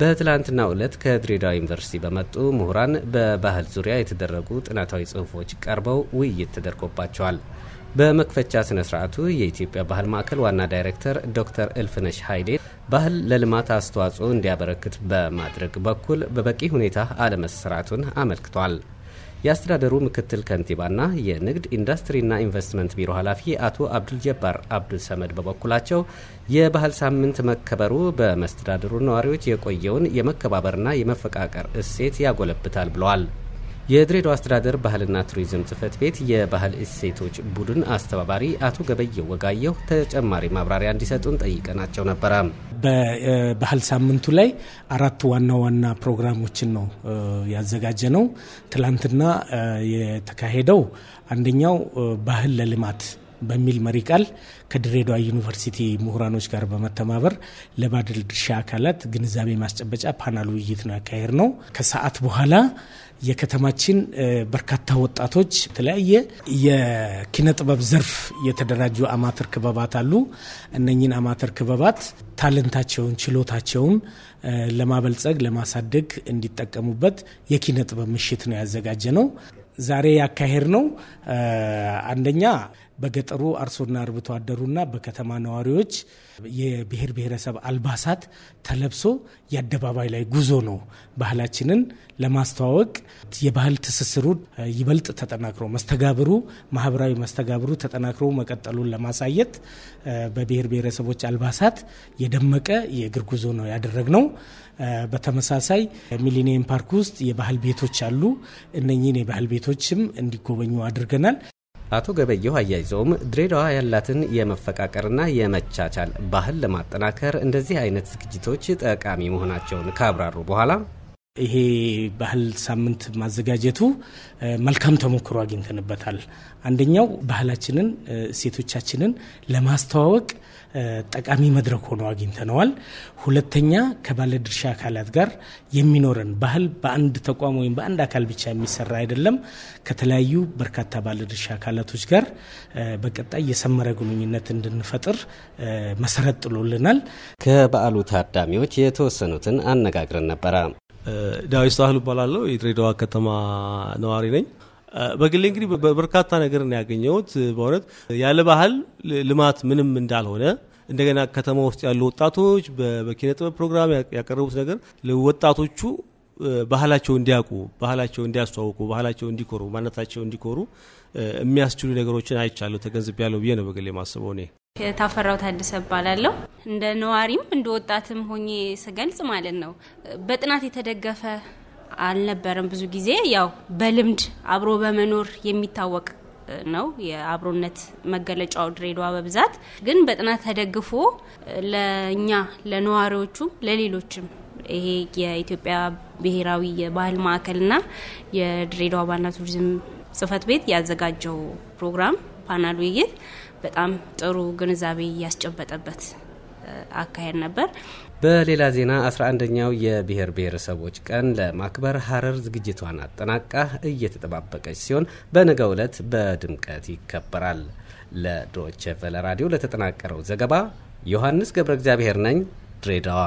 በትላንትናው ዕለት ከድሬዳዋ ዩኒቨርሲቲ በመጡ ምሁራን በባህል ዙሪያ የተደረጉ ጥናታዊ ጽሑፎች ቀርበው ውይይት ተደርጎባቸዋል። በመክፈቻ ስነ ስርዓቱ የኢትዮጵያ ባህል ማዕከል ዋና ዳይሬክተር ዶክተር እልፍነሽ ኃይሌ ባህል ለልማት አስተዋጽኦ እንዲያበረክት በማድረግ በኩል በበቂ ሁኔታ አለመሰራቱን አመልክቷል። የአስተዳደሩ ምክትል ከንቲባና የንግድ ኢንዱስትሪና ኢንቨስትመንት ቢሮ ኃላፊ አቶ አብዱልጀባር አብዱል ሰመድ በበኩላቸው የባህል ሳምንት መከበሩ በመስተዳደሩ ነዋሪዎች የቆየውን የመከባበርና የመፈቃቀር እሴት ያጎለብታል ብለዋል። የድሬዳዋ አስተዳደር ባህልና ቱሪዝም ጽህፈት ቤት የባህል እሴቶች ቡድን አስተባባሪ አቶ ገበየው ወጋየሁ ተጨማሪ ማብራሪያ እንዲሰጡን ጠይቀናቸው ነበረ። በባህል ሳምንቱ ላይ አራት ዋና ዋና ፕሮግራሞችን ነው ያዘጋጀ ነው። ትላንትና የተካሄደው አንደኛው ባህል ለልማት በሚል መሪ ቃል ከድሬዳዋ ዩኒቨርሲቲ ምሁራኖች ጋር በመተባበር ለባለድርሻ አካላት ግንዛቤ ማስጨበጫ ፓናል ውይይት ነው ያካሄድ ነው። ከሰዓት በኋላ የከተማችን በርካታ ወጣቶች የተለያየ የኪነ ጥበብ ዘርፍ የተደራጁ አማተር ክበባት አሉ። እነኝን አማተር ክበባት ታለንታቸውን፣ ችሎታቸውን ለማበልጸግ ለማሳደግ እንዲጠቀሙበት የኪነ ጥበብ ምሽት ነው ያዘጋጀ ነው ዛሬ ያካሄድ ነው። አንደኛ በገጠሩ አርሶና አርብቶ አደሩና በከተማ ነዋሪዎች የብሔር ብሔረሰብ አልባሳት ተለብሶ የአደባባይ ላይ ጉዞ ነው። ባህላችንን ለማስተዋወቅ የባህል ትስስሩ ይበልጥ ተጠናክሮ መስተጋብሩ፣ ማህበራዊ መስተጋብሩ ተጠናክሮ መቀጠሉን ለማሳየት በብሔር ብሔረሰቦች አልባሳት የደመቀ የእግር ጉዞ ነው ያደረግ ነው። በተመሳሳይ ሚሊኒየም ፓርክ ውስጥ የባህል ቤቶች አሉ። እነኚህን የባህል ቤቶችም እንዲጎበኙ አድርገናል። አቶ ገበየሁ አያይዘውም ድሬዳዋ ያላትን የመፈቃቀርና የመቻቻል ባህል ለማጠናከር እንደዚህ አይነት ዝግጅቶች ጠቃሚ መሆናቸውን ካብራሩ በኋላ ይሄ ባህል ሳምንት ማዘጋጀቱ መልካም ተሞክሮ አግኝተንበታል። አንደኛው ባህላችንን፣ እሴቶቻችንን ለማስተዋወቅ ጠቃሚ መድረክ ሆኖ አግኝተነዋል። ሁለተኛ ከባለድርሻ አካላት ጋር የሚኖረን ባህል በአንድ ተቋም ወይም በአንድ አካል ብቻ የሚሰራ አይደለም። ከተለያዩ በርካታ ባለድርሻ አካላቶች ጋር በቀጣይ የሰመረ ግንኙነት እንድንፈጥር መሰረት ጥሎልናል። ከበዓሉ ታዳሚዎች የተወሰኑትን አነጋግረን ነበረ። ዳዊት ሳህሉ እባላለሁ። የድሬዳዋ ከተማ ነዋሪ ነኝ። በግሌ እንግዲህ በርካታ ነገር ነው ያገኘሁት። በእውነት ያለ ባህል ልማት ምንም እንዳልሆነ እንደገና ከተማ ውስጥ ያሉ ወጣቶች በኪነ ጥበብ ፕሮግራም ያቀረቡት ነገር ወጣቶቹ ባህላቸው እንዲያውቁ፣ ባህላቸው እንዲያስተዋውቁ፣ ባህላቸው እንዲኮሩ፣ ማነታቸው እንዲኮሩ የሚያስችሉ ነገሮችን አይቻለሁ፣ ተገንዝቤያለሁ ብዬ ነው በግሌ ማስበው እኔ ታፈራው ታደሰ እባላለሁ። እንደ ነዋሪም እንደ ወጣትም ሆኜ ስገልጽ ማለት ነው በጥናት የተደገፈ አልነበረም። ብዙ ጊዜ ያው በልምድ አብሮ በመኖር የሚታወቅ ነው የአብሮነት መገለጫው ድሬዳዋ በብዛት ግን በጥናት ተደግፎ ለእኛ ለነዋሪዎቹም ለሌሎችም ይሄ የኢትዮጵያ ብሔራዊ የባህል ማዕከልና የድሬዳዋ ባህልና ቱሪዝም ጽፈት ቤት ያዘጋጀው ፕሮግራም ፓናል ውይይት በጣም ጥሩ ግንዛቤ ያስጨበጠበት አካሄድ ነበር። በሌላ ዜና 11ኛው የብሔር ብሔረሰቦች ቀን ለማክበር ሀረር ዝግጅቷን አጠናቃ እየተጠባበቀች ሲሆን በነገው ዕለት በድምቀት ይከበራል። ለዶቼ ቨለ ራዲዮ ለተጠናቀረው ዘገባ ዮሐንስ ገብረ እግዚአብሔር ነኝ ድሬዳዋ